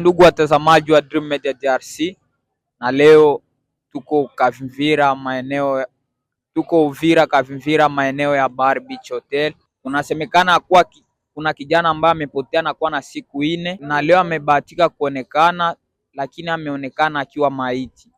Ndugu watazamaji wa Dream Media DRC, na leo tuko Kavimvira maeneo tuko Uvira Kavimvira maeneo ya Bar Beach Hotel. Kunasemekana kuwa kuna kijana ambaye amepotea na kuwa na siku nne, na leo amebahatika kuonekana, lakini ameonekana akiwa maiti.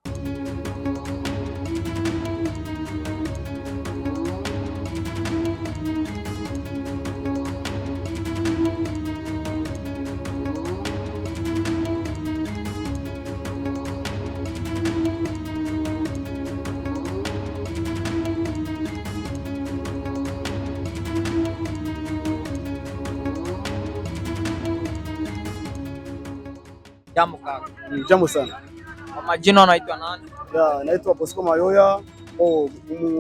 Jambo kaka. Jambo sana. Kwa majina unaitwa nani? Ya, naitwa Bosco Mayoya. Oh,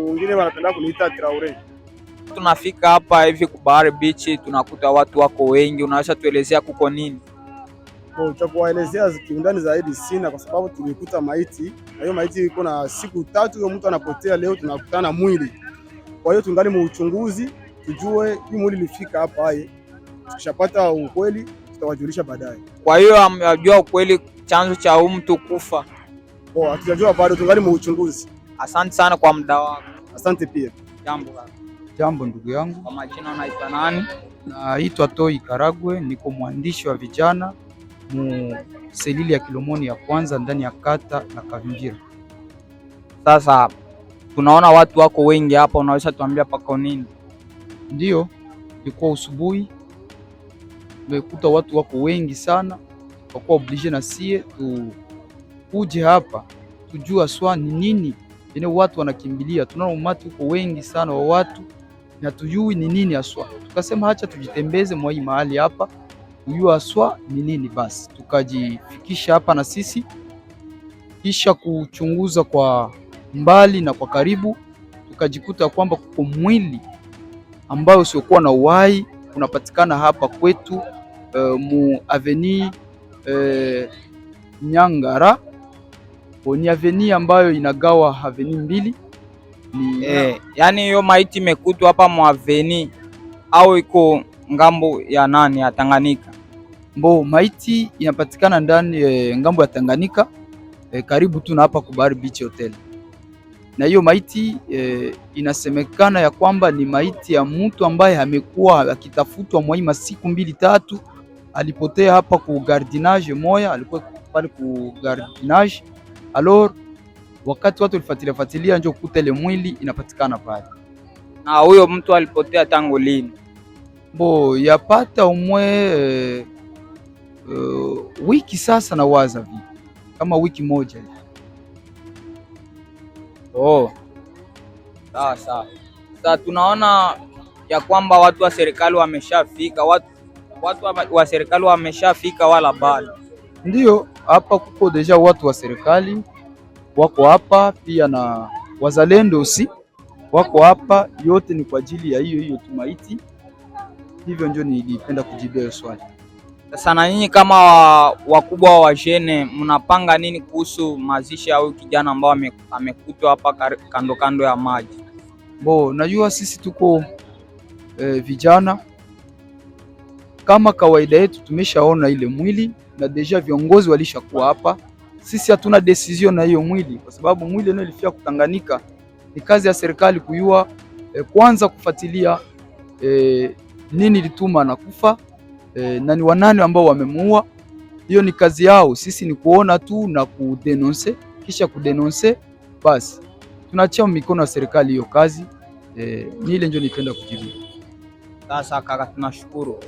mwingine wanapenda kuniita Traore. Tunafika hapa hivi ku Bahari Beach tunakuta watu wako wengi, unaweza tuelezea kuko nini? Oh, cha kuwaelezea kiundani zaidi sina, kwa sababu tulikuta maiti na hiyo maiti iko na siku tatu, hiyo mtu anapotea, leo tunakutana mwili. Kwa hiyo tungali uchunguzi tujue hii mwili ilifika hapa, aye tukishapata ukweli tutawajulisha baadaye. Kwa hiyo hamjua ukweli chanzo cha huyu mtu kufa? Oh, hatujajua bado, tungali muuchunguzi. Asante sana kwa muda wako. Asante pia. Jambo kaka. Jambo ndugu yangu. Kwa majina unaitwa nani? Naitwa Toi Karagwe, niko mwandishi wa vijana mu selili ya Kilomoni ya kwanza ndani ya kata la Kavimvira. Sasa tunaona watu wako wengi hapa, unaweza tuambia pako nini? Ndio, ilikuwa usubuhi tumekuta watu wako wengi sana, wakuwa oblige na sie tukuje hapa tujua swa ni nini ene watu wanakimbilia. Tunaona umati uko wengi sana wa watu na tujui ni nini aswa, tukasema hacha tujitembeze mwa hii mahali hapa kujua aswa ni nini. Basi tukajifikisha hapa na sisi kisha kuchunguza kwa mbali na kwa karibu, tukajikuta kwamba kuko mwili ambayo usiokuwa na uhai unapatikana hapa kwetu. Euh, mu aveni uh, Nyangara ni aveni ambayo inagawa aveni mbili ni, eh, yani hiyo maiti imekutwa hapa mu aveni au iko ngambo ya nani ya Tanganyika? Mbo maiti inapatikana ndani eh, ngambo ya Tanganyika eh, karibu tu na hapa kubari Beach Hotel na hiyo maiti eh, inasemekana ya kwamba ni maiti ya mtu ambaye amekuwa akitafutwa mwaima siku mbili tatu, alipotea hapa ku gardinage moya, alikuwa pale ku gardinage alors wakati watu walifuatilia fuatilia njoo kukuta ile mwili inapatikana pale. Na huyo mtu alipotea tangu lini? Bo yapata umwe uh, wiki sasa na waza vi kama wiki moja. Oh. Sawa sawa. Sasa tunaona ya kwamba watu wa serikali wameshafika watu watu wa serikali wameshafika wala bado? Ndio, hapa kuko deja watu wa serikali wako hapa, pia na wazalendo si wako hapa, yote ni kwa ajili ya hiyo hiyo tumaiti. Hivyo ndio nilipenda kujibia hiyo swali. Sasa na nyinyi kama wakubwa wa jene, mnapanga nini kuhusu mazishi au kijana ambao amekutwa hapa kando kando ya maji? Bo, najua sisi tuko eh, vijana kama kawaida yetu, tumeshaona ile mwili na deja viongozi walishakuwa hapa. Sisi hatuna decision na hiyo mwili, kwa sababu mwili ndio ilifia kutanganika. Ni kazi ya serikali kuyua eh, kwanza kufuatilia eh, nini ilituma anakufa eh, na ni wanani ambao wamemuua. Hiyo ni kazi yao, sisi ni kuona tu na kudenonse, kisha kudenonse basi tunachia mikono ya serikali hiyo kazi. Eh, ni ile ndio nipenda kujibu. Sasa kaka, tunashukuru.